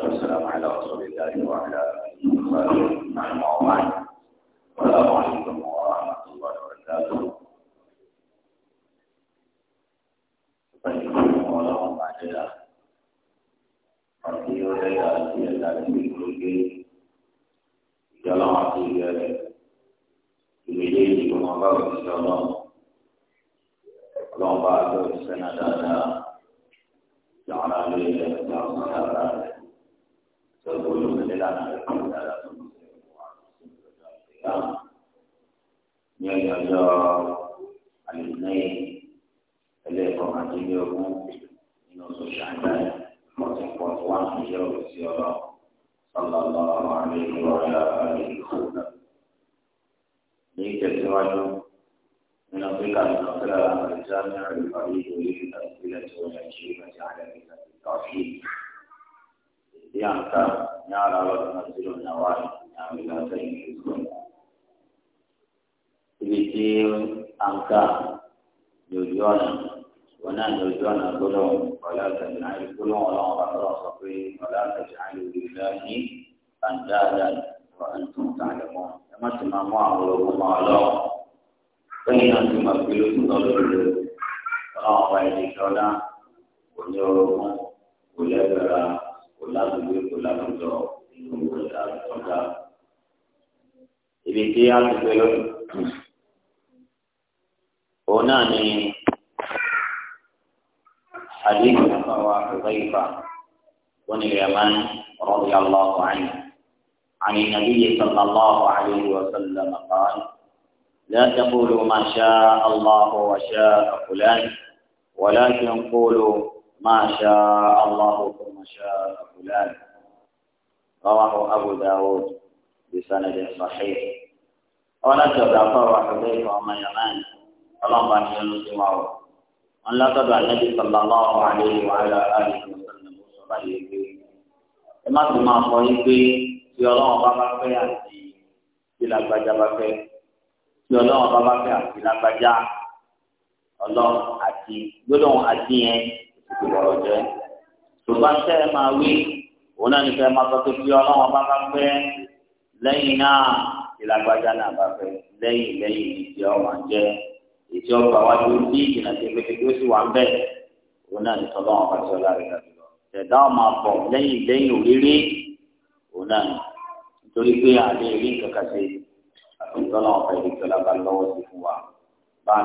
والسلام على رسول الله وعلى آله وصحبه وبعد السلام عليكم ورحمة الله وبركاته اللهم علينا أتي إليك أتي إليك Jalan hati dia Dibeli di rumah baru Insya Allah Allah bahagia Senada ìlànà rẹ̀ kọ́ dára tó ń sọ ìwà ìlànà ní ọjọ́ àlùmọ́yìn ẹlẹ́kọ̀ọ́ àti ilé ogun nínú oṣù ṣàǹdáì fourteen point one ìyẹ́ òsì ọlọ́ sọlọ́lọ́ àmì ìwọ̀nyà àmì ìkọ̀ọ̀dà. ní ìtẹ̀síwájú nínú áfíríkà nínú áfíríkà àwọn ìjánu نار على تنزل النوائب عاملتين الاسلام أنكا يجوانا ونا يجوانا قلوم ولا تجعل قلوم ولا غفر صفين ولا تجعلوا لله أندادا وأنتم تعلمون كما تمام أمركم على فإن أنتم أبكلوا تضلوا الله يجعلنا ونيركم ولبرا lágbègbè kò láwùjọ ìlú àtọ́jà ibi tí a ti pè lónìí. òun náà حديث رواه حذيفة بن اليمن رضي الله عنه عن النبي صلى الله عليه وسلم قال لا تقولوا ما شاء الله وشاء فلان ولكن قولوا ما شاء الله ثم شاء فلان رواه أبو داود بسند صحيح ونجد أفر حذيفة ومن يمان اللهم أن ينزمه أن لا تدع النبي صلى الله عليه وعلى آله وسلم صلى إما تما صحيح tí ọlọ́wọ́n bá bá fẹ́ àti tí lágbájá bá fẹ́ tí ọlọ́wọ́n bá bá fẹ́ àti lágbájá ọlọ́wọ́n àti gbọ́dọ̀ ṣùgbọ́n tẹ́ ẹ máa wí òun náà nìkan ẹ máa sọ pé bí ọlọ́wọ́n bá bá fẹ́ lẹ́yìn náà ìlàgbájá náà bá fẹ́ lẹ́yìn lẹ́yìn ìdí ọmọ jẹ́ ìdí ọgbà wájú bí ìdìnnà tí pépé tí ó sì wà ń bẹ̀ òun náà nìkan lọ́wọ́n bá ṣọlá rẹ̀ dàbílọ ẹ̀dá ọmọ bọ̀ lẹ́yìn lẹ́yìn òrírí òun náà nítorí pé àlẹ́ rí nǹkan kan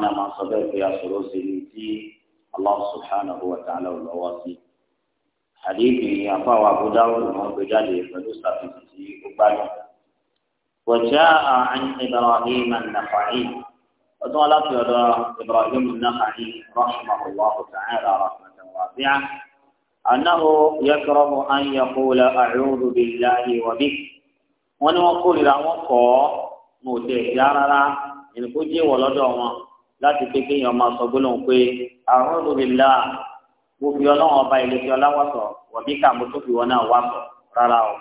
náà fẹ́ ìdíjọba bá àdéhùn àfáwọn àbúdá òòlù wọn gbé jáde pẹ̀lú ṣàfihàn sí gbogbo وجاء عن إبراهيم النخعي وقال إبراهيم النخعي رحمه الله تعالى رحمة واسعة أنه يكره أن يقول أعوذ بالله وبه وأن يقول لا وقع متجارا إن كجي ولد لا تتكي يوم صبلون كي أعوذ بالله wo fi ọlọ́run ọba ilé fi ọlá wọ̀sọ̀ wọ̀bí kàmú tó fi wọn náà wọ̀sọ̀ rárá o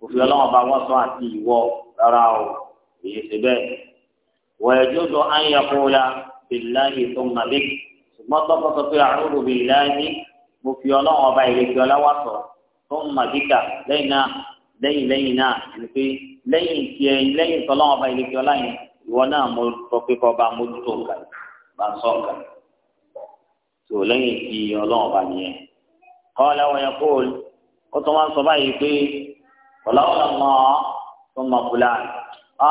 wo fi ọlọ́run ọba wọ̀sọ̀ àti ìwọ rárá o èyí ṣe bẹ́ẹ̀ wọ̀ẹ́jọ́ tó á ń yẹ kó la bìláyì tó ń nàbí ṣùgbọ́n tó kọ́kọ́ pé àrùrù bìláyì mo fi ọlọ́run ọba ilé fi ọlá wọ̀sọ̀ tó ń nàbí kà lẹ́yìn náà lẹ́yìn lẹ́yìn náà ẹni pé lẹ́yìn tiẹ̀ lẹ́yìn tọ́lọ́run ọba ilé fi ọlá yẹn ìwọ náà mo sọ pé kọ́ ọba mójútó nǹkan bá sọ nǹkan tó lẹ́yìn tí ọlọ́run bá nìyẹn kọ́lá wọn yẹn kóòl ó tún wá ń sọ báyìí pé ọ̀làwọ̀ náà mọ̀ ọ́ tó mọ̀ fúlà á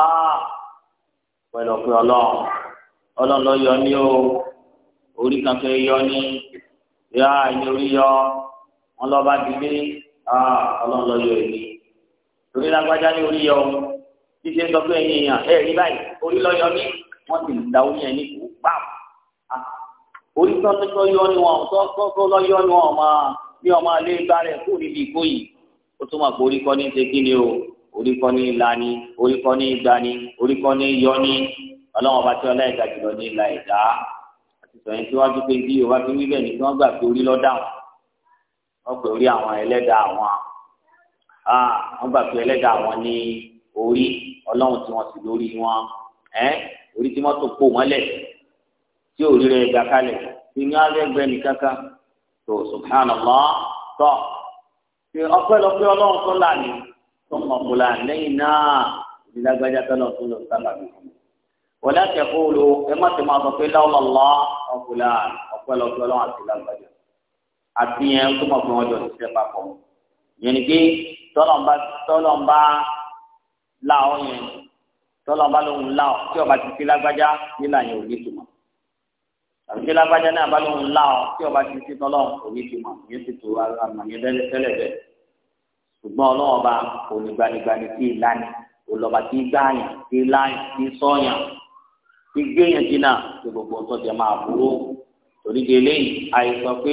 pẹ̀lú pé ọlọ́run ọlọ́run lọ yọ ní o orí kan fẹ́ yọ ní yá ẹni orí yọ wọn lọ bá dìde á ah, ọlọ́run lọ yọ èmi torí lágbájá ní orí yọ ṣíṣe ń sọ pé ẹ̀yìn èèyàn báyìí orí lọ yọ ní wọ́n ti dáwọ́ yẹn ní kó pàm orí tọ́tọ́tọ́ yọ ni wọn tọ́tọ́ lọ yọ ni wọn máa bí ọmọ alẹ́ bá rẹ̀ kú níbi ìkó yìí ó tún máa pé orí kọ́ ní ṣe kí ni o orí kọ́ ní ìlà ni orí kọ́ ní ìgbà ni orí kọ́ ní yọ ni ọlọ́wọ́n bá tí ọlá ẹ̀dá jùlọ ní ìlà ẹ̀dá àti sọ̀yìn tí wọ́n ti pé bí yorùbá fi wí bẹ́ẹ̀ ni kí wọ́n gbà pé orí lọ́dà wọn pè orí àwọn ẹlẹ́dà àwọn wọ́n gbà pé ẹlẹ́dà àwọn ní orí ọlọ́run tí wọ́n sì lórí wọn orí tí wọ́n tó kó wọn lẹ̀ tí ò rírẹ ẹgbà kalẹ̀ tí ní alẹ́gbẹ́ nìkan kan tó subhanallah tọ́ ṣe ọpẹ́lọpẹ́ ọlọ́run tó là ní tó mọ̀ kó là lẹ́yìn náà ìdílágbájá tó lọ tó lọ sábà bí fún mi. wọ́n láti ẹ̀kọ́ olo ẹ má ti máa sọ pé lọ́wọ́lọ́ ọkùnrin ọpẹ́lọpẹ́ ọlọ́run àti ìdílágbájá àti yẹn tó mọ̀ fún ọjọ́ ìṣiṣẹ́ papọ̀ yẹn ni pé tọ́lọ́mbà tọ́lọ́mbà làwọn yẹn tọ́lọ́mbà lòun làwọn tí ọba ti fi lágbájá nílà yẹn ò ní àbíké lágbájá náà bá lóun ńlá ọ tí ọba ti ti tọ́lọ́ òní ti mọ̀ yẹn ti tó àmọ̀ yẹn tẹ́lẹ̀ bẹ́ẹ̀ ṣùgbọ́n ọlọ́run ọba onígbanigbani tí ì lánì olọba tí ì gbáàyàn tí ì láyàn tí ì sọ́yàn tí ì gbéyàn jìnnà tí gbogbo ọtọ́ jẹ máa burú torí de eléyìí àìsàn pé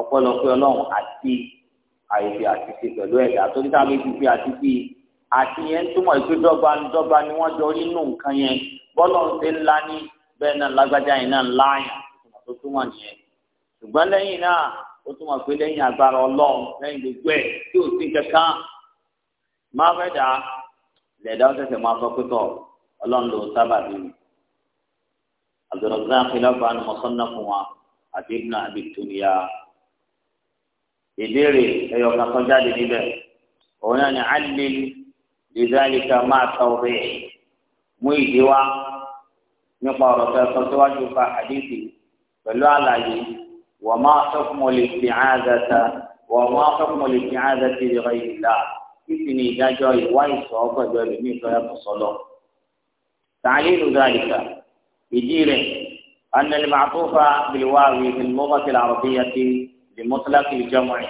ọpẹ́lọpẹ́ ọlọ́run àti àìsí àti ṣe pẹ̀lú ẹ̀dá torí táwọn ètò ìfi àti fi àti yẹn túmọ̀ ìpè dọ́gba ni wọ́n jọ nínú nǹkan yẹn bọ́lọ̀ ń ṣe ńlá ní bẹ́ẹ̀ náà lágbájá yìí náà láàyàn tó túmọ̀ nìyẹn ṣùgbọ́n lẹ́yìn náà ó túmọ̀ pé lẹ́yìn agbára ọlọ́run lẹ́yìn gbogbo ẹ̀ tí ò sí kankan máa fẹ́ dà lẹ́dá ó tẹ̀sẹ̀ máa sọ pé tọ̀ ọlọ́run ló sábà bí mi Abdulrazak filaba ni mọ̀sánná fún wa àti ibn abi tuniya ìbéèrè ẹ̀yọ̀ kan tó jáde níbẹ̀ òun náà ni alil lidhalika máa tọ̀rẹ̀ mú ìdíwá nípa ọ̀rọ̀ tó ẹ̀kọ́ síwájú fa àdéhùn pẹ̀lú àlàyé wọ́n máa tọ́kùnmọ́ lè fi àádọ́ta wọ́n máa tọ́kùnmọ́ lè fi àádọ́ta ìrọ̀ ìlà títí ní ìdájọ́ ìwá ìsọ̀ pẹ̀lú ẹlòmíì tó yàtọ̀ sọ́lọ́. تعليل ذلك يجير أن المعطوف بالواو في اللغة العربية بمطلق الجمع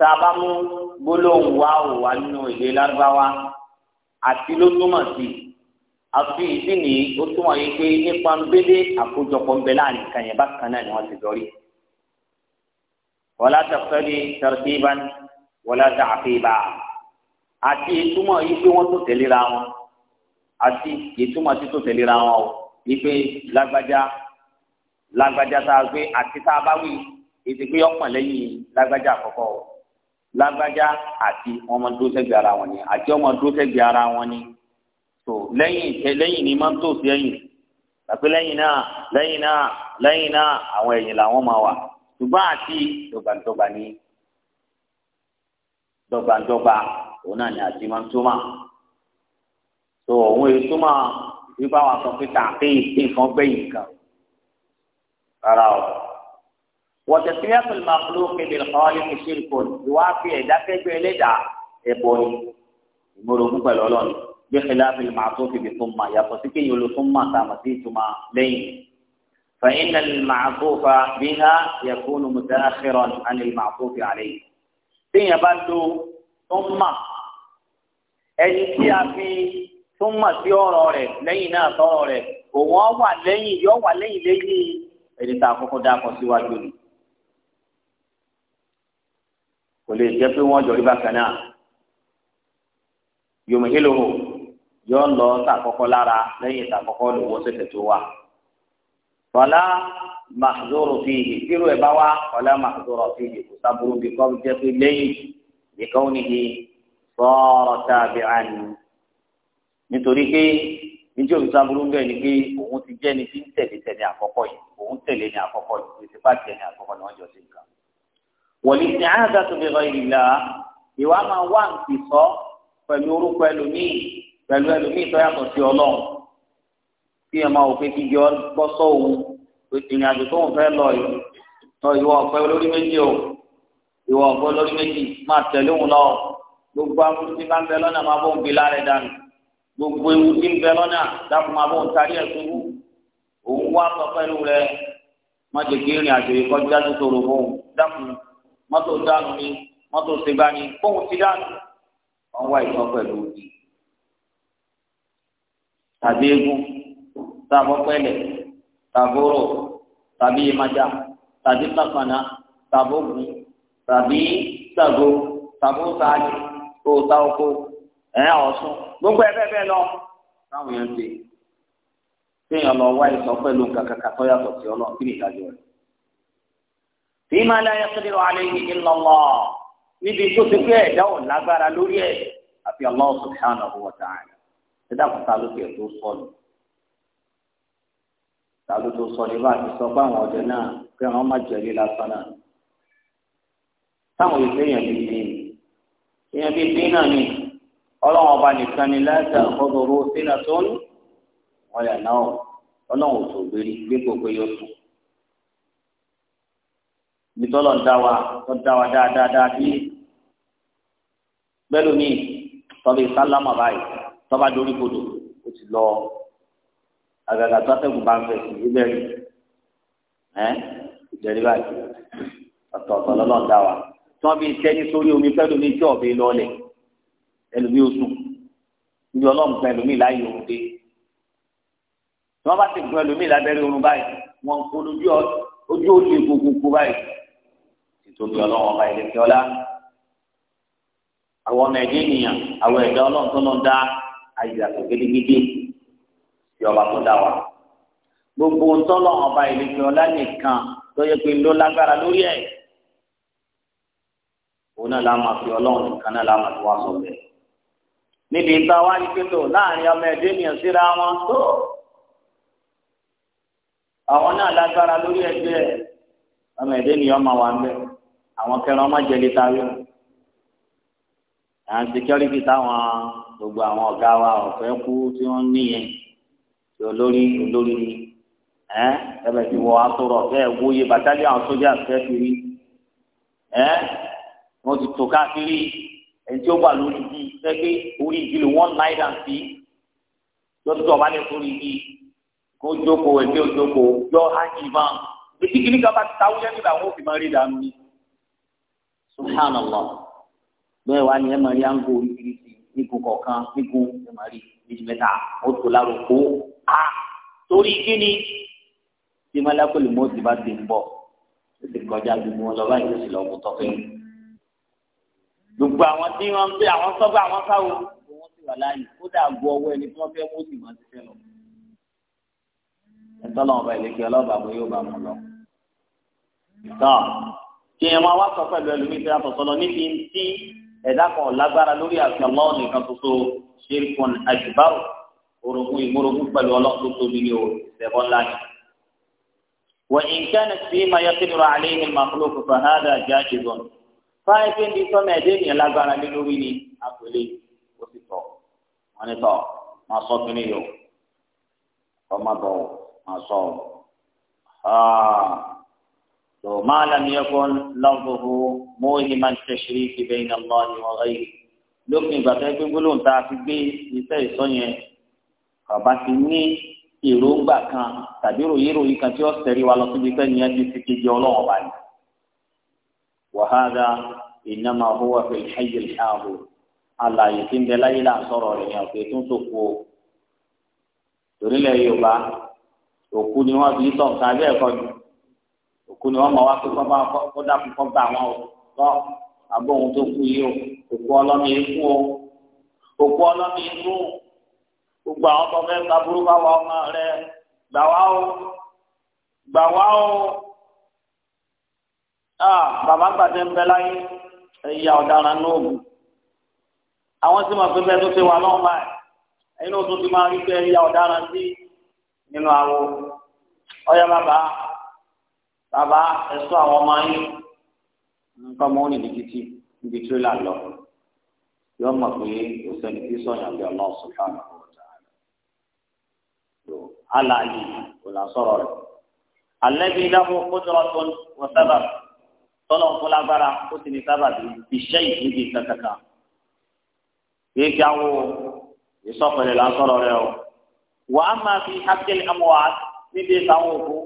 sábàmù gbólóhùn wáwò wà nínú èdè lárúbáwá àti ló túmọ̀ sí àfi ìdí nìyí ó túmọ̀ yìí pé nípa ń bélé àkójọpọ̀ ń bẹ láàrin nǹkan yẹn bákan náà ni wọ́n ti dọ́rí. wọ́lá tẹ̀síọ́lì tartiban wọ́lá ta'qiba àti ìtumọ̀ yìí pé wọ́n tó tẹ̀léra wọn àti ìtumọ̀ tí tó tẹ̀léra wọn o yìí pé lágbájá lágbájá tá a gbé àti tá a bá wí ìdìgbé ọ̀pọ̀ lẹ́yìn lágbájá àkọ́kọ́ o lágbájá àti ọmọ dúró ara wọn ni àti ọmọ dúró ara wọn ni tó lẹ́yìn eh, lẹ́yìn ni máa ń tò sí ẹ̀yìn àpé lẹ́yìn náà lẹ́yìn náà lẹ́yìn náà àwọn ẹ̀yìn làwọn máa wà ṣùgbọ́n àti dọ̀gbàdọ̀gbà ni dọ̀gbàdọ̀gbà òun náà ni àti máa ń túmọ̀ tó òun èyí túmọ̀ wípé àwọn sọ pé tàǹkì ìpín nǹkan gbẹ̀yìn kan rárá o. وتسمية المخلوق بالخالق شرك وافي دافع بلدا إبوني مرو بلولون bí xilaafi macsuufi bi tuma yàtọ̀ sí kéèyàn ló tuma tààmà sí tuma lẹ́yìn fàyín na macsuufa bí ha yakunu mutaakiran ani macsuufi aleyhi téèyàn bá lo tuma ẹni tí a fi tuma sí ọ̀rọ̀ rẹ̀ lẹ́yìn náà sọ̀rọ̀ rẹ̀ òun ọ wà lẹ́yìn yọ wà lẹ́yìn lẹ́yìn ẹni tá a kọ́kọ́ dá kọ síwájú ni kò lè jẹ́ pé wọ́n jọ rí bákan náà yòmùhílòhùn yọ lọ sàkọ́kọ́ lára lẹ́yìn sàkọ́kọ́ ló wọ́ sẹ̀sẹ̀ tó wà. fọlá màdúró fi ìhì tírú ẹ̀ bá wá fọlá màdúró fi ìhì kò sábúrú bí kọ́ jẹ́ pé lẹ́yìn nìkan ó nìyí sọ̀rọ̀ tàbí àní. nítorí pé níjẹ́ òbí sábúrú ni pé òun ti jẹ́ ni tí ń tẹ̀lé tẹ̀lé àkọ́kọ́ yìí òun tẹ̀lé ni àkọ́kọ́ yìí èsì bá tẹ̀lé àkọ́kọ́ ni wọ́n jọ sí nǹkan. wọ̀lì ní àádá tó fi rọ ìlà ìwà máa wá nǹkan sọ pẹ̀lú orúkọ ẹlòmíì pẹ̀lú ẹlòmíì tó yàtọ̀ sí ọlọ́run kí ẹ máa wò pé kíjọ bọ́ sọ́wọ́ ìrìn àjò tó ń fẹ́ lọ yìí tọ ìwọ ọ̀pẹ olórí méjì o ìwọ ọ̀pẹ olórí méjì máa tẹ̀lé òun lọ gbogbo aburú tí bá ń bẹ lọ́nà máa bọ̀ ń bi lára ẹ̀ dànù gbogbo ewu tí ń bẹ lọ́nà dákun máa bọ̀ ń tarí ẹ̀ tó wú òun wá sọ pẹ̀lú rẹ má kí ìrìn àjò yìí kọjá tó tòrò dákun mọ́tò dànù ni mọ́tò ṣègbà ni fóun ti dànù wọ́n ìtọ́ pẹ̀lú òdì tàbí eégún tàbọ́pẹ́lẹ̀ tàbóró tàbí ìmájà tàbí pàpànà tàbí tàgó tàbótaani tòótá gbogbo lọ táwọn tó sí kí ni bí alẹ́ yìí sídàkùn ta ló tiẹ̀ tó sọnù ta ló tó sọnù bá a ti sọ pé àwọn ọdẹ náà pé àwọn má jẹ̀lé lásán náà táwọn ìfẹ́ yẹn bíi bíi èèyàn bíi bíi náà ni ọlọ́run ọba nìkan ni láti àkọ́dọ̀rọ̀ sínú àtọ́nù wọ́n yà náà ọlọ́run ò tó gbérí gbégbó pé yóò sùn bitọlọ dawa ọdawa dáadáa bíi bẹlumi tọbi sálámà báyìí tọ́ba dorí kodò ó ti lọ àgàgà tọ́tẹ̀gùn bá ń fẹ̀ sí ibẹ̀ rí ẹ́ ìjẹ́rí báyìí ọ̀tọ̀ọ̀tọ̀ lọ́lọ́run dá wa tí wọ́n fi tẹ́ni sórí omi pẹ́lú mi tí ọ̀bẹ lọ́ọ̀lẹ̀ ẹlòmí ó sùn ní ọlọ́run fún ẹlòmí láàyè òun dé tí wọ́n bá ti fún ẹlòmí lábẹ́rẹ́ orun báyìí wọ́n kó lójú ojú ó gbogbogbò báyìí ìtòbí ọlọ́run ọba ìlẹ̀kẹ́ ọlá àwọn ọmọ ẹ̀dẹ́ ènìyàn àwọn ẹ̀dá ọlọ́run tó lọ́n dá àyà tó gidigidi yọba tó dá wa gbogbo ntọ́lọ̀ ọba ìlẹ́gbẹ́ ọlá nìkan tó yẹ pé ló lágbára lórí ẹ̀ òun náà la máa fi ọlọ́run nìkan náà la máa fi wá sọ bẹ́ẹ̀ níbi ìta wá ní pẹ́tò láàrin ọmọ ẹ̀dẹ́ ènìyàn síra wọn tó àwọn náà lágbára lórí ẹgbẹ́ ọmọ ẹ̀dẹ́ ènìyàn máa wà ń bẹ́ẹ̀ àwọn kẹrin ọmọ jẹlẹ tayọ àwọn security táwọn gbogbo àwọn ọ̀gá wa ọ̀fẹ́ kú tí wọ́n níyẹn tí olórí olórí ni ẹ́ ẹ̀bẹ̀ tí wọ́n asọ̀rọ̀ fẹ́ wóye bàtàlì àwọn sójà fẹ́ kiri ẹ́ wọ́n ti tò káàkiri ẹni tí ó wà lórí ibi sẹ́gbẹ́ orí ibi ló wọ́n náírà dàn sí yọtú tó ọba lè sórí ibi kó jókòó ẹgbẹ́ òjókòó yọ ájì máa bí kíkiri bá ti táwúlẹ́ nígbà wọn ò fi máa rí dànù ni subhanallah bẹ́ẹ̀ wá ní ẹ máa rí áńgó oríṣiríṣi nígun kọ̀ọ̀kan nígun ẹ máa rí méjì mẹ́ta ó tó lárúkọ a torí kíni tí mọ́lákùlù mọ́ọ̀sì bá ti ń bọ̀ ó ti kọjá gbogbo wọn lọ báyìí ó sì lọ kó tọ́fẹ́ gbogbo àwọn tí wọ́n ń pè àwọn sọ́gbà àwọn sáwo wọ́n ti wà láàyè kódà gbọ́ ọwọ́ ẹni tí wọ́n fẹ́ mú sì máa ti fẹ́ lọ. ẹ̀tọ́ lọ́wọ́ bá ilé kí bó yóò bá mú lọ. tọ́ kí ẹ̀ máa wá sọ pẹ̀lú ẹlòmíì tí wọ́n sọ ẹ̀dá kan lágbára lórí àti Allah nìkan ṣoṣo ṣirkun àjùbáwò orogún ìmúrogún pẹ̀lú ọlọ́run tó tóbi ní o ṣẹ̀bọ́n ńlá ni. وإن كانت فيما يقدر عليه المخلوق فهذا جائز fáyé pé ní sọ́mọ ẹ̀dẹ́ ènìyàn lágbára lé lórí ni àpèlé ó sì tọ̀ wọ́n ní tọ̀ máa sọ kí ni yòó ọmọ bọ̀ máa sọ ọ́. So ما لم يكن لفظه موهما التشريك بين الله وغيره lópin ìgbà tó ń pín gbólóhùn tá a fi gbé iṣẹ́ ìsọ́ yẹn bàbá ti ní èròǹgbà kan tàbí ròyìn ròyìn kan tí ó sẹ̀rí wa lọ síbi sẹ́yìn yẹn ti fi kejì ọlọ́run ọba ni. وهذا إنما هو في الحي الحاضر àlàyé tí ń bẹ láyé là ń sọ̀rọ̀ rẹ̀ yẹn pé tó ń sòkò o. torílẹ̀ Yorùbá òkú ni wọ́n fi tọ̀ sábẹ́ ẹ̀kọ́ ju òkú ni wọ́n mọ̀ wá pé kọ́ bá kọ́ dàpọ̀ kọ́ bá wọn o lọ àbọ̀ ohun tó kú yìí o òkú ọlọ́mi ikú o òkú ọlọ́mi ikú gbogbo àwọn tó fẹ́ gba burúkú àwọn ọmọ rẹ gbà wá o gbà wá o bàbá gbàdé ń bẹ láyé ẹ̀yà ọ̀daràn lóògùn àwọn tí wọn fi bẹ́ẹ̀ tó ṣe wà lọ́wọ́ báyìí ẹ̀yin náà tó ti máa rí pé ẹ̀yà ọ̀daràn sí nínú àwọn ọ̀yà bàbá bàbá ẹ̀sọ́ àwọn ọmọ yín nǹkan mọ́ ní dìkìtì níbi tí ó là lọ yọ mọ̀ pé kò sẹ́ni tí sọ̀yàn bí Allah subhanahu wa ta'ala lò alàyè kò là sọ̀rọ̀ rẹ̀ alẹ́bí lahu qudratun wa sabab tọ́lọ̀ fún lágbára ó sì ní sábà bí iṣẹ́ ìdíje kankan kìí awo ìsọ̀pẹ̀lẹ̀ là sọ̀rọ̀ rẹ̀ o wàá máa fi hákẹ́lì amọ̀ wá níbi ìsàwọn òkú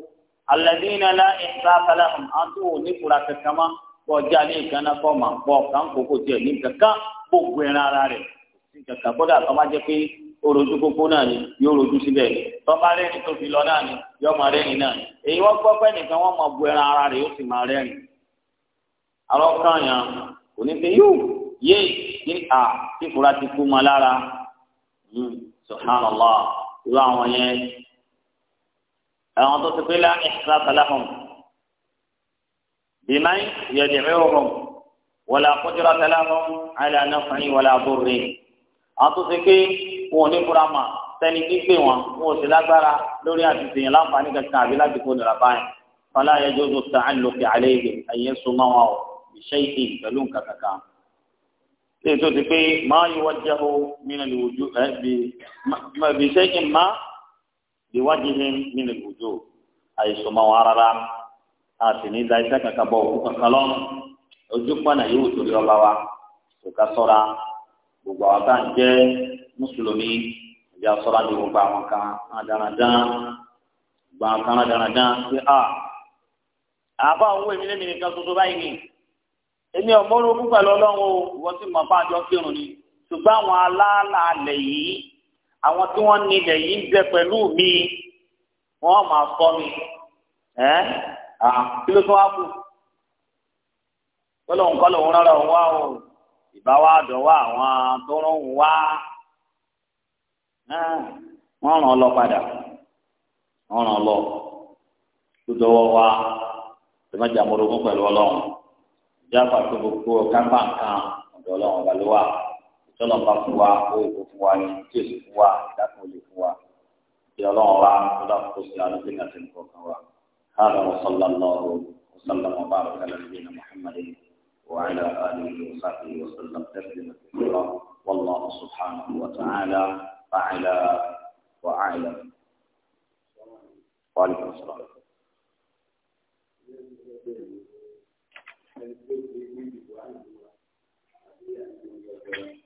alẹ́dínà lá ẹ̀ka kálá hàn án tó wò ní kura kankan mọ́ kọ́ ọjà ní ìkànnà kọ́ máa pọ̀ kàn kókó tiẹ̀ ní kankan gbogbo ẹran ara rẹ̀ ní kankan kódà tó má jẹ́ pé ó rojú kókó náà ni yóò rojú síbẹ̀ tọ́ba rẹ́ni tó fi lọ náà ni yóò máa rẹ́ni náà ni èyí wọ́n gbọ́ pé nìkan wọ́n máa bu ẹran ara rẹ̀ yóò sì máa rẹ́ni. àwọn kan kò ní pé yóò yé kí a kí fura ti kú mọ́ lára hmm, àwọn tó ti pé láàmì sàlámù bìmá yẹdìrì òhùn wọlé àkójọra sàlámù àìlànà fàyín wọlé àbúrò àwọn tó ti pé wọn ò ní kura mà sẹni gbígbé wọn wọn ò sì lágbára lórí àtìsí yẹn láǹfààní kankan àbí láti kó nira báyìí fọlá yẹjọ tó ta àlòkè àlẹyìn ẹyẹ sọmọ wọn o ìṣe ìṣe pẹ̀lú nǹkan kankan ṣé tó ti pé máa yíwájú mí biwajihin min al-wujuh àìsàn máa wà rárá a sì ní da iṣẹ́ kankan bọ̀ òkú kankan lọ́rùn ojú pọ̀nà yóò torí ọba wa kò ká sọ́ra gbogbo àwọn tá à ń jẹ́ mùsùlùmí ìjà sọ́ra gbogbo àwọn kan àdáradán gbogbo àwọn kan àdáradán pé a àbá òun èmi lẹ́mi nìkan tuntun báyìí ni èmi ọ̀mọ́rún púpẹ̀ lọ́lọ́run o ìwọ́n sì mọ̀ fáájọ́ kírun ni ṣùgbọ́n àwọn aláàlá alẹ̀ yìí àwọn tí wọ́n nílẹ̀ yìí ń bẹ pẹ̀lú mi wọ́n máa fọ́ mi ẹ́ kí ló tún wá kù gbọ́dọ̀ nǹkan lòun rárá òun wá o ìbá wa dọ̀wọ́ àwọn tó rán òun wá wọ́n ràn án lọ padà wọ́n ràn án lọ tó dọwọ́ wa tó má jà mọ́rogún pẹ̀lú ọlọ́run jáfa tó gbogbo kápá nǹkan ọ̀dọ̀ ọlọ́run ọ̀gá tọ́lọ̀ bá fún wa ó ìbò fún wa ní tí èsì fún wa ìdákùn olè fún wa kí ọlọ́run wa ó dà kó sí àánú pé nàìjíríà nǹkan kan wa hàrà wàsálà lọ́rọ̀ wàsálà ọba àbúkálẹ̀ níbi ní muhammadin وعلى آله وصحبه وسلم تسليما كثيرا والله سبحانه وتعالى أعلى وأعلم وعليكم السلام Thank you.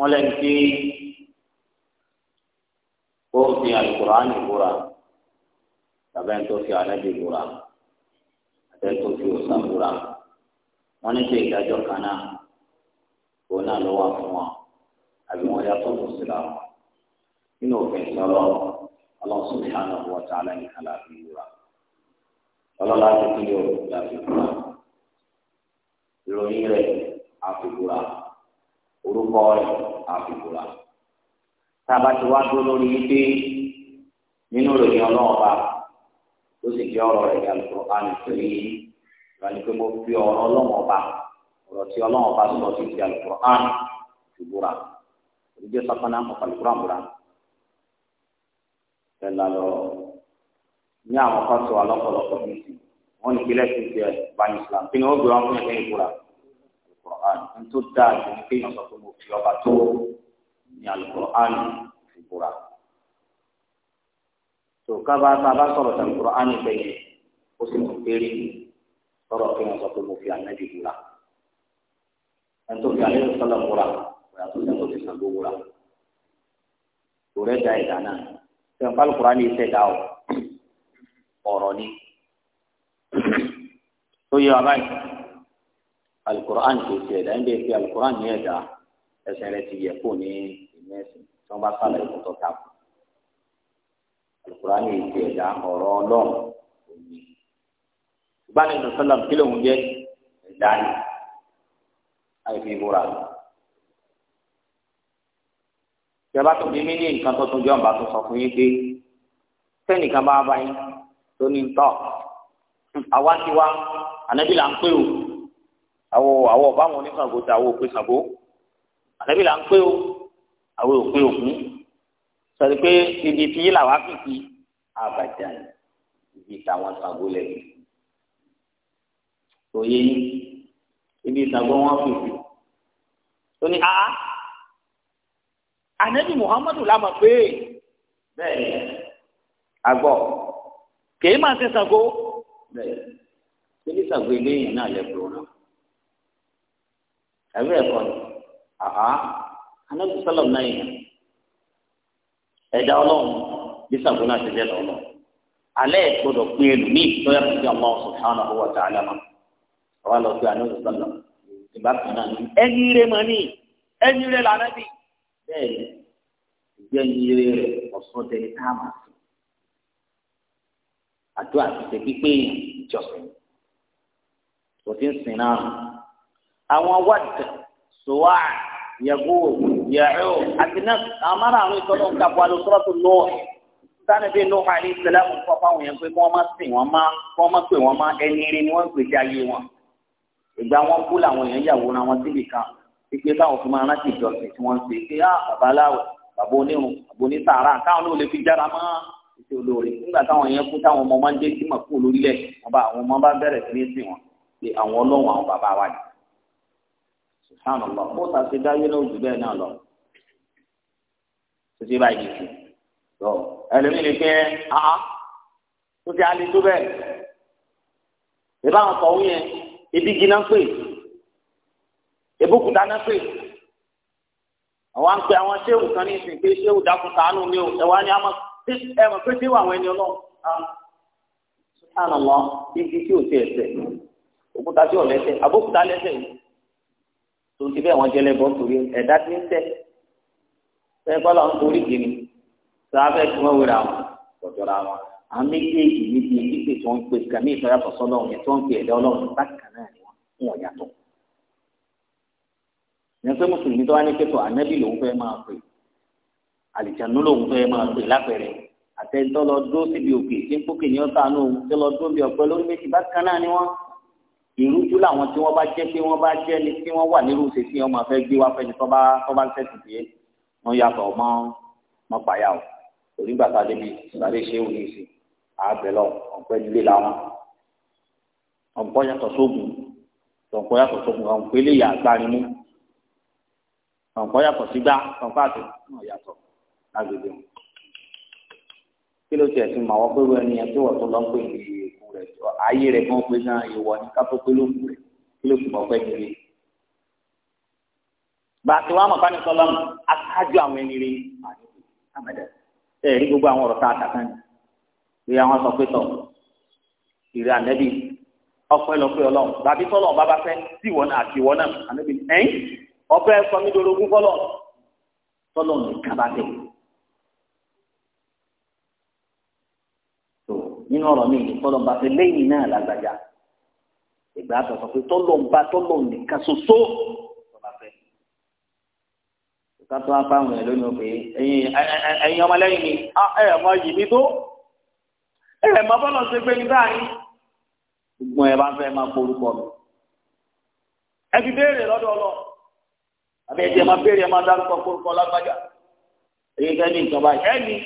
wọn lẹni tí ó fi alukur'an ìbúra tàbí ẹni tó fi alẹ́bí ìbúra àti ẹni tó fi òòsà ìbúra wọn ní pé ìdájọ́ kan náà òun náà ló wà fún wọn àbí wọn yàtọ̀ tó síra wọn nínú òfin sọ̀rọ̀ Allah subhanahu wa ta'ala nìkan láti ìbúra ọlọ́lá ti kí ni o láti ìbúra ìròyìn rẹ̀ àfi ìbúra orúkọ rẹ̀ àfikúra tába ti wá dúró lórí wípé nínú ìròyìn ọlọ́ọ̀ba tó sì jẹ́ ọ̀rọ̀ rẹ̀ yàrá ìfọ̀rọ̀ká nítorí ìrọ̀lẹ́ pé mo fi ọ̀rọ̀ ọlọ́ọ̀ba ọ̀rọ̀ tí ọlọ́ọ̀ba sọ sí ti yàrá ìfọ̀rọ̀ká ìbúra ìdíjẹ́ sọ́kànnà ọ̀pọ̀lọpọ̀ àbúrà ẹ̀là lọ ní àwọn kan sọ alọ́pọ̀lọpọ̀ bíi wọ́n ní kílẹ̀ sí ti ẹ̀ bá ní Islam kí ni ó gbé wọn fún ẹ̀kẹ́ ìbúra alukur'an ní tó dáa ju ní kéèyàn sọ pé mo fi ọba tó ní alukur'an fi búra. tó kábàá tá a bá sọ̀rọ̀ sí alukur'an bẹ́yẹn ó sì mọ̀ péré sọ̀rọ̀ kéèyàn sọ pé mo fi ànábì búra. ẹni tó fi ànábì sọ̀rọ̀ búra ọ̀yà tó sẹ́kọ̀ọ́ ti sàn gbogbo ra. òrẹ́ da ìdá náà sẹ́yìn pa alukur'an ní iṣẹ́ dá ọ̀rọ̀ ni. tó yẹ wa alukur'an kò ti ẹ̀dá ń bẹ́ẹ̀ fi alukur'an yẹn ẹ̀dá ẹsẹ̀ rẹ ti yẹ kó ní ìmọ̀ ẹ̀sìn tí wọ́n bá sàlẹ̀ ìkọ̀tọ̀ ta kù alukur'an yẹn ti ẹ̀dá ọ̀rọ̀ ọlọ́run òní ìbáni nùsọ́làm kí lóun jẹ́ ẹ̀dá ni àìfi ìbúra ìjọba tó bí mí ní nǹkan tó tún jọ̀ǹba tó sọ fún yín pé sẹ́nìkan bá bá yín tó ní tọ́ àwa ti wá ànábìlà ń pè ó àwọ àwọ báwọn oníkàngó ta àwọ òpè kàngó àtẹ́bí là ń pé o àwọ òpè òkun sọ̀rọ̀ pé ibi tí yìí làwọn akìkì àbàjá ibi táwọn kàngó lẹ́nu òye ibi ìtàgbọ́ wọn fìfì ó ní a ànábì Muhammadu la mọ̀ pé bẹ́ẹ̀ àgbọ̀ kèé máa ṣe Ṣàngó bẹ́ẹ̀ ṣe ní Ṣàngó eléyìí náà lẹ́gbẹ̀rún náà. ẹ̀rí ẹ̀kọ́ ni àhá anábì sọlọ náà yìí ẹ̀dá ọlọ́run bí sàgbóná ti jẹ́ lọ́lọ́ alẹ́ gbọ́dọ̀ pín ẹlòmíì lọ́yà tó ti ọmọ subhanahu wa ta'ala mọ́ àwa lọ sí anábì sọlọ ìbá kan náà ní ẹni rẹ mọ ní ẹni rẹ lànà bí bẹ́ẹ̀ ìgbẹ́ ẹni rẹ ọ̀sán àwọn wad suwa yago yaco àtináà àwọn márùn-ún ìtọ́jú ń kàpọ̀ alùsọ́rọ́tò lọ́ọ̀ sani bíi nuhu alayhi salam ń kọ́ fáwọn yẹn pé kí wọ́n má sìn wọ́n má kí wọ́n má pè wọ́n má ẹni rí ni wọ́n ń pèsè ayé wọn ìgbà wọn kú làwọn èèyàn yàwòrán wọn síbì kan pípé káwọn fún máa rántí ìjọsìn tí wọ́n ń ṣe pé á ah, bàbá aláwọ̀ bàbá onírun bàbá onítàrà káwọn náà lè fi jára mọ́ ìṣe olóore nígbà táwọn èèyàn kú táwọn ọmọ máa ń dé sí mọ̀ lórílẹ̀ wọn bá àwọn ọmọ bá bẹ̀rẹ̀ sí ní sìn wọn pé àwọn ọlọ́run àwọn bàbá wa ni subhanallah bó ta ṣe dáyé náà jù bẹ́ẹ̀ náà lọ títí báyìí sí lọ ẹlòmíì lè fẹ́ ah tó ti alẹ́ tó bẹ́ẹ̀ ìbáwọn kọ̀ọ̀hún yẹn ibi gíná pè ebókúta náà pè àwọn àpè àwọn séwù kan ní ìsìn pé séwù dákun ṣàánú mi ò ẹwà ni a mọ ẹ mọ pé séwù àwọn ẹni Ọlọ́run subhanallah ibi tí ò ti ẹsẹ̀ òkúta tí ò lẹ́sẹ̀ àbókúta lẹ́sẹ̀ yìí tó ti bẹ́ẹ̀ wọ́n jẹlẹ̀ bọ́ torí ẹ̀dá ti ń tẹ̀ fẹ́ kọ́lá ń torí kiri sáfẹ́ tí wọ́n wéra wọn gbọ̀dọ̀ra wọn àwọn méjèèjì níbi ìdíje tí wọ́n ń pè kàmí ìfẹ́yàtọ̀ sọ́lọ́run yẹn tí wọ́n ń pè ẹ̀dá ọlọ́run bákan náà ni wọ́n fún wọn yàtọ̀ ní pé mùsùlùmí tó wá ní pẹ́tọ̀ ànábì lòún fẹ́ máa pè àlìjánu lòún fẹ́ máa pè lápẹ̀rẹ̀ àtẹ̀ntọ́ lọ dó síbi òkè tí ń pókè ní ọ̀tá ni wọ́n ìrújú làwọn tí wọ́n bá jẹ́ pé wọ́n bá jẹ́ ni tí wọ́n wà nírú ṣe tí wọ́n máa fẹ́ gbé wá fẹ́ni tó bá tó bá ń sẹ́sì pé wọ́n yàtọ̀ mọ́ mọ́ pàyà o torí gbàtà débi ìgbàlẹ̀ ṣé òní ìsìn àbẹ̀lọ ọ̀pẹ́ nílé làwọn ọ̀pọ̀ yàtọ̀ sóògùn ọ̀pọ̀ yàtọ̀ sóògùn ọ̀pọ̀ eléyà agbárinú ọ̀pọ̀ yàtọ̀ sígbà ọ̀pọ̀ àti yàtọ̀ lágbègbè kí ló ti mọ̀ wọ́n pé wọ́n ẹni yẹn tí tó lọ́ pé ìdí rẹ̀ ayé rẹ̀ kàn pé náà ìwọ ni ká tó pé lókù rẹ̀ kí ló kùn ọpẹ́ kiri. bàtí wàá mọ̀ká ní sọlọ́mù aṣáájú àwọn ẹni rí àmàdà ẹ̀ rí gbogbo àwọn ọ̀rọ̀ tá a kà kán ní àwọn sọ pé tọ̀ ìrẹ́ ànẹ́bí ọpẹ́lọpẹ́ ọlọ́run bàbí sọlọ́mù bàbá fẹ́ sí ìwọ náà àti ìwọ náà ànẹ́bí ẹ̀yìn ọpẹ́ sọmídòrógún fọlọ́ sọlọ́mù ní kábàtẹ́ nínú ọ̀rọ̀ mi yìí tọ́lọ̀ bá fi lẹ́yìn náà làgbàjá ìgbà àtọ̀tọ̀ pé tọ́lọ̀ ń bá tọ́lọ̀ nìkan ṣoṣo tọ́ba fẹ́. ìtàtọ̀ apáwọn ẹ̀ lónìí pé ẹ̀yin ọmọlẹ́yìn mi ẹ̀ ẹ̀ mọ yìí mi tó ẹ̀ ẹ̀ mọ bọ́lọ̀ ṣe gbé ní báyìí. gbogbo ẹ̀ bá fẹ́ máa forúkọ mi. ẹ fi béèrè lọ́dọ̀ ọlọ́ àbí ẹ̀jẹ̀ máa béèrè máa dárúkọ forúkọ lágbàjá. èyí fẹ́ ní ìjọba ẹ̀ ní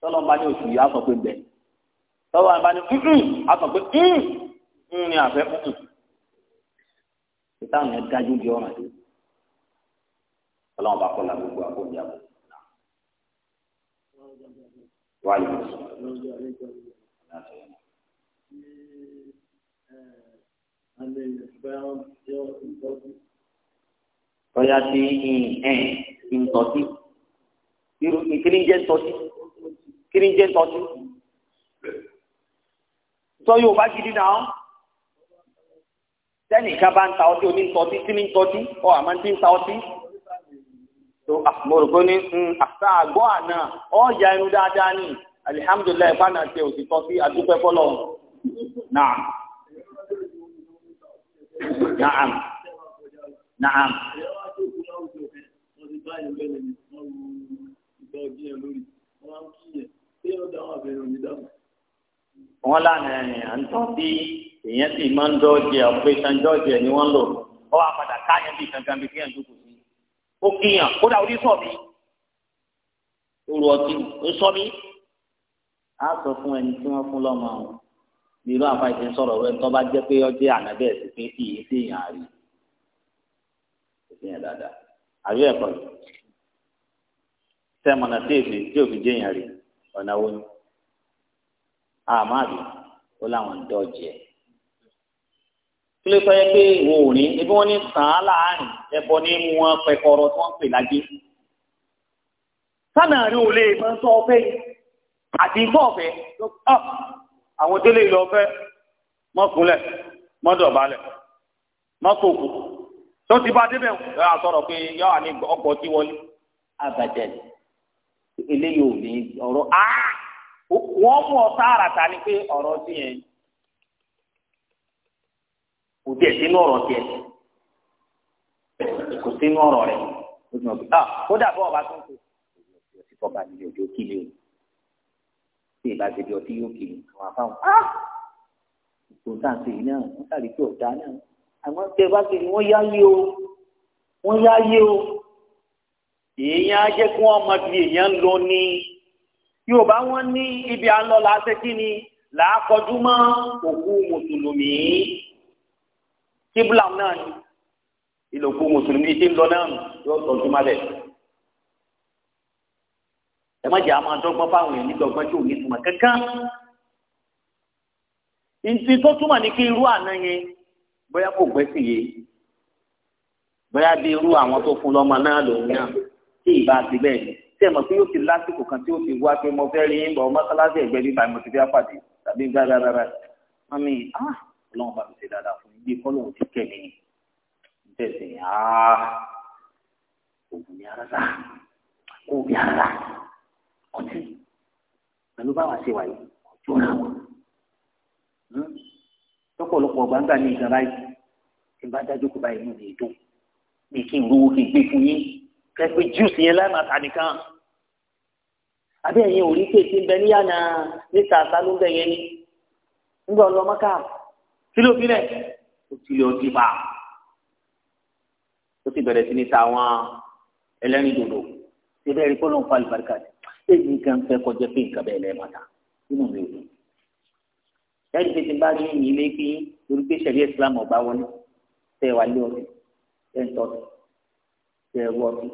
tọ́lọ́ tọ́wọ́ àbáni nǹkan àtọ̀ pé nǹkan mm. mm, ni àfẹ́ nǹkan ìtàn yẹn dájú di ọ̀ràn yìí ọlọ́run bá kọ́ la gbogbo àkóńjà bò náà wà á lè mọ̀ sí tọ́yá sí ìtọ́sí kiri ń jẹ́ ntọ́sí kiri ń jẹ́ ntọ́sí sọ yóò bá gidi náà sẹ́nìkan bá ń ta ọtí omi ń tọ́tí tí mi ń tọ́tí ọ àmọ́ ti ń ta ọtí tó ah, mo rò pé àṣà hmm, ah, àgọ́ àná ọ̀ọ́yà irun dáadáa ni alihamudulilayi fana ṣe òtítọ́ sí adúpẹ́ fọlọ́ náà naam naam báyìí bẹ́ẹ̀ ni wọ́n wu ìgbà ọdún yẹn lórí wọ́n kí yẹn ṣé ọ̀dà àwọn abẹ́rẹ́ òní dáhùn wọn lànà ẹ̀yìn àǹtọ́ bí èèyàn sì máa ń dọ́ọ̀jẹ ọ̀pẹ̀sán dọ́ọ̀jẹ ni wọ́n lò wọ́n wá padà káyọ̀ bí kankan bí kéèyàn dúkù sí ó kéèyàn kódà orí sọ̀ mi òrò ọtí ó sọ mi á sọ fún ẹni tí wọ́n fún lọ́mọ àwọn irú àfa ìṣe sọ̀rọ̀ wẹ́ tó bá jẹ́ pé ọjọ́ ànábẹ́ ẹ̀sìn pé ìyẹn sì yàn á rí ìyẹn dáadáa àbí ẹ̀kọ́ sẹ́mọ̀nà tí èsì tí òfin jẹ́ yàn rí ọ̀nà wo ni àmàlù ó láwọn ń dọ́ọ̀jì ẹ̀. kílé sọ yẹ pé ìwọ ò ní ibi wọn ní sàn án láàrin ẹbọ ní mú wọn pẹkọrọ tí wọn ń pè lájẹ. sánà rí olè máa ń tọ́ ọ̀fẹ́ àti ìfọ́ ọ̀fẹ́ àwọn délé ìlú ọ̀fẹ́ mọ́kúnlẹ̀ mọ́dọ̀bálẹ̀ mọ́kòkò tó ti bá débẹ̀ ẹ̀ àtọ̀rọ̀ pé yọ àní ọkọ̀ tí wọlé àbàjẹ́ eléyìí ò ní ọ̀rọ̀ áá wọ́n mú ọ sáàràtà ni pé ọ̀rọ̀ ti yẹn kò díẹ̀ sínú ọ̀rọ̀ tiẹ̀ kò sínú ọ̀rọ̀ rẹ̀ kódà ah, bọ́ ọba tó ń kó ọtí nílé ojú kí o tí ìbá ṣe bí ọtí yóò kí ni àwọn afáwọn á ìtò táǹtì yìí náà wọ́n sàrí pé ọ̀dà náà àwọn tẹ bá ṣe ni wọ́n yá yé o wọ́n yá yé o èèyàn á jẹ́ kí wọ́n máa fi èèyàn lọ ní yorùbá wọn ní ibi à ń lọ làá ṣe kí ni làá kọjú mọ́ òkú mùsùlùmí kíbla náà ni ìlòkù mùsùlùmí ti ń lọ náà yóò tọ́jú má bẹ̀. ẹ má jẹ́ àwọn àdọ́gbọ́n fáwọn èèyàn nígbàgbọ́n tí ò ní túmọ̀ kankan. ìtì tó túmọ̀ ní kí irú àná yẹn bóyá kò gbẹ́sì yé bóyá bí irú àwọn tó fún lọ́mọ náà lòun náà tí ì ti bẹ́ẹ̀ ni tẹ̀ mọ̀ pé yóò ti lásìkò kan tí ó ti wá pé mo fẹ́ rí ìgbà mọ́sálásí ẹ̀gbẹ́ bíbá mo ti fi apàdé tàbí gbàgbàgbà mami ah ọlọ́run bá mi ṣe dáadáa fún mi bí kọ́lọ́run ti kẹ́ mi ni bẹ́ẹ̀ sì ni ah òògùn ni ara rà kó bí ara rà ọtí pẹ̀lú báwa ṣe wà yìí ọjọ́ ra wọn hmm? lọ́pọ̀lọpọ̀ gbangba ní ìjọba yìí tí báyìí mú mi dùn kí n rówó kí n gbé fún yín kẹpẹ juice yẹn láì máa tà nìkan àbí ẹ̀yin ò rí kéèké bẹ níyànà níta sálóńgẹ yẹn ni nígbà ọlọmọkà kí ló fi rẹ ó ti lè ọtí bá ó ti bẹ̀rẹ̀ sí ní ta àwọn ẹlẹ́rìndòdò ṣé bẹ́ẹ̀ rí kọ́lọ́n fa àlùbáríkà sí èyí nǹkan fẹ́ kọjá pé nǹkan bẹ́ẹ̀ lẹ́ẹ̀ máa ta nínú mi ò ní. ẹ̀rí pé bá rí yìnyín lé kí lórí pé sẹ̀rí ẹ̀sìlámù ọ̀gbá wọlé tẹ̀ wá lé ọtí ẹ̀ ń tọ́tù tẹ ẹ wọ bí.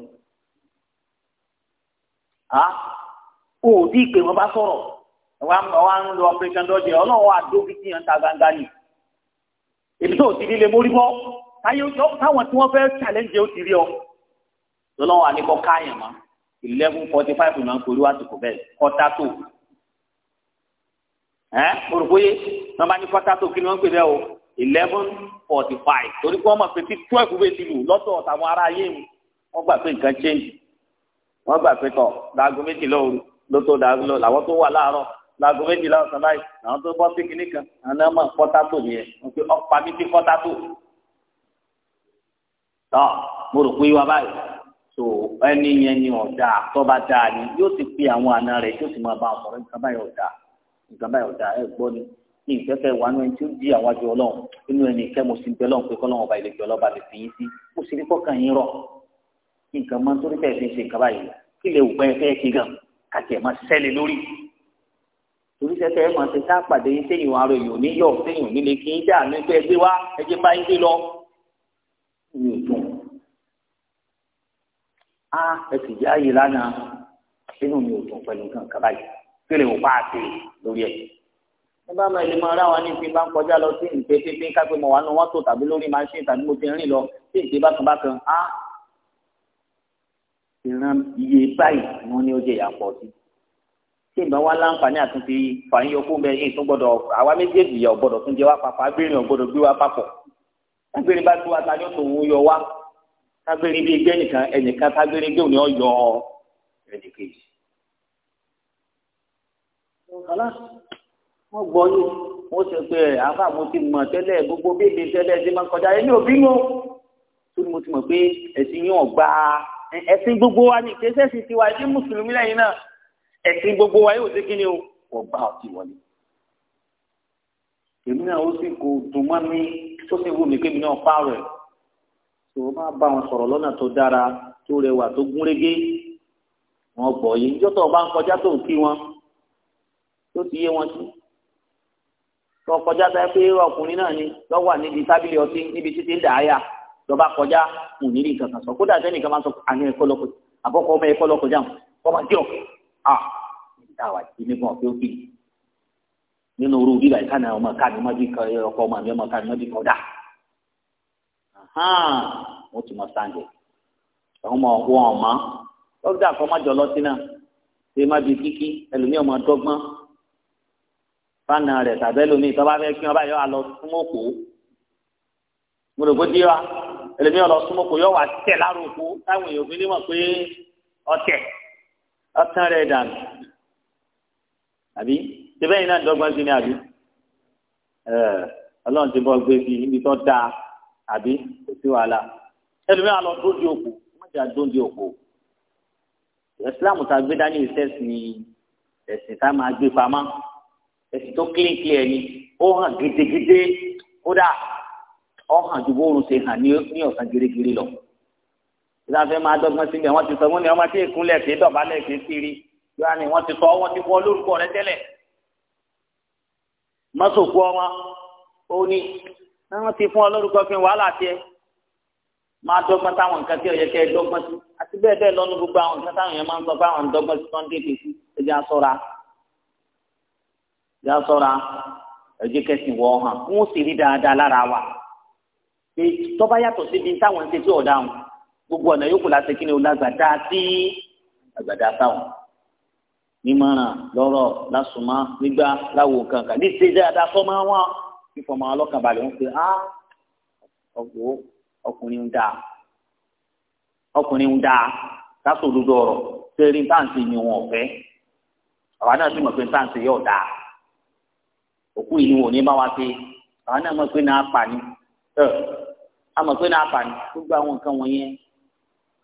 a ò tí ì pé wọn bá sọ̀rọ̀ wa wa ń lo operation dọjẹ Ọlọ́run wa dó bí tiyan ta gbangba ni èmi tó ti nílé mórí bọ táyé táwọn tí wọn fẹ́ challenge ó ti rí ọ lọ́lọ́run àníkọ káyàn mọ eleven forty five náà ń pẹ̀lú àsìkò bẹ́ẹ̀ kọ́tà tó ẹ olùkóyè náà bá ní kọ́tà tó kí ni wọ́n ń pè bẹ́ẹ̀ o eleven forty five torí kí wọ́n mọ̀ pé tí twelve bẹ́ẹ̀ ti lù lọ́tọ̀ ọ̀tàwọn ará yé mi wọ́n gbà pé nǹkan change wọ́n gbà pé tọ̀ daago méjì lóru ló tó daago lóru làwọn tó wà láàárọ̀ daago méjì láwùjọ láì tó gbọ́ sí kan àná mọ̀ nìyẹn pe mi tọ́ mo rò pé wá báyìí ẹni yẹn ni ọ̀dà tọ́ba ni yóò ti pe àwọn àna rẹ̀ yóò bá nǹkan ní ìfẹ́fẹ́ wa ní ẹni tí ó di kí nǹkan mọ́ nítorí tẹ̀ fi ṣe kaba yìí kí lè wù pẹ́ẹ́ fẹ́ẹ́ ṣe gan kàtì ẹ̀ máa ṣẹlẹ̀ lórí torí sẹ́tẹ̀ ẹ̀ máa ṣe tá pàdé yín sẹ́yìn ààrẹ yòó ní yọ̀ sẹ́yìn òní lè kí í dà ní pé ẹgbẹ́ wá ẹgbẹ́ bá yín gbé lọ. mi ò dùn á ẹ sì jẹ́ ààyè lánàá inú mi ò dùn pẹ̀lú nǹkan kaba yìí kí lè wù pa àti lórí ẹ̀. ní bá máa ilé máa rá wa ní ìpín bá ń kọjá lọ sí ìpè pínpín kápẹ́ ìran iye báyìí ni wọ́n ní ó jẹ ìyàpọ̀ sí tí ìgbà wa láǹfààní àtúntì fàáyín okó bẹ yìí tún gbọ́dọ̀ àwa méjèèjì yà ọgbọdọ tún jẹ wá papọ̀ agbérin ọgbọdọ gbé wá papọ̀ agbérin bá gbé wá ta ni ó tó wọ yọ wá tágbérin bíi gbé nìkan ẹnìkan tágbérin gbé òní ọyọ ẹnìkejì. ọ̀la wọ́n gbọ́ yìí wọ́n ṣe pé àfa mo ti mọ̀ tẹ́lẹ̀ gbogbo bébè tẹ́lẹ̀ ti máa ń kọjá ẹni òbí mọ́ tó mo ti mọ̀ pé ẹ̀sìn yóò gbá ẹ̀sìn gbogbo wa ni ìkéṣẹ́ sì ti wá ní mùsùlùmí lẹ́yìn náà ẹ̀sìn gbogbo wa yóò ṣe kí ni o kò bá ọtí wọlé. èmi náà ó sì kò dùn mọ́ mi tó sì wù mí kémi náà pààrọ̀ ẹ̀ tó máa bá wọn sọ̀rọ̀ lọ́nà tó dára tó rẹwà tó gúnrégé wọn gbọ́ yìí níjọ́ tó bá ń kọjá tó ń kí wọn tó ti yé wọn sí tó kọjá tó yẹ pé ọkùnrin náà ni lọ́wọ́ níbi tábìlì ọtí níbi títí ń dà á yà lọ́ba kọjá mo ní nǹkan kan sọ kódà sẹ́nìkan máa sọ àní ẹ̀kọ́ lọ́kọ àkọ́kọ́ ọmọ ẹ̀kọ́ lọ́kọ jáàmù kọ́mọ tí ọ̀ à níta wà sí nígbà ọ̀fẹ́ òkè nínú orú bíbá ìka náà ọmọ ká ní má bí ọkọ ọmọ mi ọmọ ká ní má bí kọ́dà mo ti mọ sáǹdẹ̀ ọmọ wọn ọmọ lọ́dà kọ́ má jọ lọ́tí náà ṣe má bí kíkí ẹlòmíì ọmọ dọ́gbọ́n fáànà rẹ̀ tàbẹ́lòmíì tọ́ bá fẹ́ kí wọ́n bá yọ àlọ́ fún òkú mo rò bó dé wa ẹlẹmi ọlọ súnmọ́ kò yọ wà tẹ lára òkú táwọn èèyàn fi ní mọ̀ pé ọtẹ ọtán rẹ dànù àbí tẹbẹ yìí náà ń dọ́gbọ́n sí ni àbí ẹ Ọlọ́run ti bọ gbé sí ibi tó dáa àbí kò sí wàhálà ẹlẹmi àlọ dóńdì òkú wọn jà dóńdì òkú ìsìlámù tá a gbé dání ìsẹsìn ẹ̀sìn tá a máa gbé pamọ́ ẹ̀sìn tó kílíǹkì ẹni ó hàn gidigidi kódà ọ̀hàn ju bóorùn ṣe hàn ní ọ̀sán gírígírí lọ. ìdáfẹ́ máa dọ́gbọ́n sí mi wọ́n ti sọ wọ́n ní ọmọ tí ìkúnlẹ̀ kì dọ̀bálẹ̀ kì í kiri yóò ní wọ́n ti sọ wọ́n ti kọ́ lórúkọ rẹ tẹ́lẹ̀. mọ́sòkú ọmọ ó ní wọ́n ti fún ọ lórúkọ fún wàhálà tiẹ̀ máa dọ́gbọ́n táwọn nǹkan tí ọ̀yẹ́ kẹ́ ẹ dọ́gbọ́n sí àti bẹ́ẹ̀ bẹ́ẹ̀ lọ́nu gbogbo àwọn nǹkan táwọn yẹn máa ń sọ pé àwọn dọ́gbọ́n sí sunday kì pé tọ́ba yàtọ̀ síbi táwọn ṣe tí ò dáhùn gbogbo ọ̀nà yòókù láti kí ni olágbàdá sí àgbàdá táwọn mímọ̀ràn lọ́rọ̀ lásùnmọ́ nígbà láwo kankan ní ṣe dáadáa fọ́mọ wọn fífọmọ ọlọ́kànbalẹ̀ ń pè á ọ̀pọ̀ ọkùnrin ń dáa ọkùnrin ń dáa kásò òdodo ọ̀rọ̀ tẹ̀rí táǹsì ni wọn ọ̀fẹ́ àwa náà sì mọ̀ pé táǹsì yóò dáa òkú yìí wọn ò ní bá wa ṣe àwa náà mọ̀ pé náà pa ni ẹ àmọ́ pé náà fàánì gbogbo àwọn nǹkan wọ̀nyẹn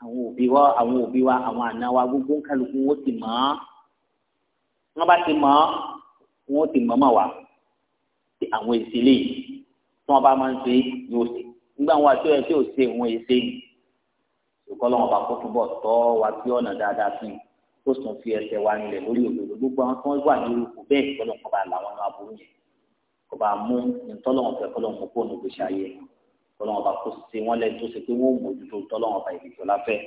àwọn òbí wa àwọn òbí wa àwọn àna wa gbogbo kálukú wọn ti mọ̀ ọ́ wọn bá ti mọ̀ ọ́ wọn ti mọ̀ mọ̀ wá ti àwọn èsì lè tí wọn bá máa ń ṣe yóò ṣe nígbà wọn àti ọyọ tí ò ṣe òun èsè yìí ṣùgbọ́n lọ́wọ́ bá kó túbọ̀ tọ́ wa sí ọ̀nà dáadáa sí i kó sùn fi ẹsẹ̀ wa nílẹ̀ lórí òdodo gbogbo àwọn tí wọ́n wà ní irú kù bẹ́ẹ̀ gbọ́dọ̀ kọ́ bá làwọn aburú yẹn kó bá mú ntọ́lọ́wọ́n fẹ́ kọ́lọ́wọ́n mú kó nu gbèsè ayé kọ́lọ́wọ́n bá kó se wọ́n lẹ́yìn tó ṣe pé wọ́n mójútó ntọ́lọ́wọ́n bá ìdìjọ́ láfẹ́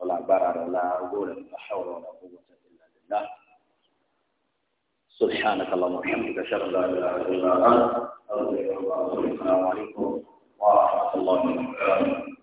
ọ̀la agbára rẹ̀ ọ̀la owó rẹ̀ ọ̀la ọ̀la gbogbo tẹ̀lé سبحانك اللهم وبحمدك اشهد ان لا اله الا انت استغفرك واتوب اليك ورحمه الله وبركاته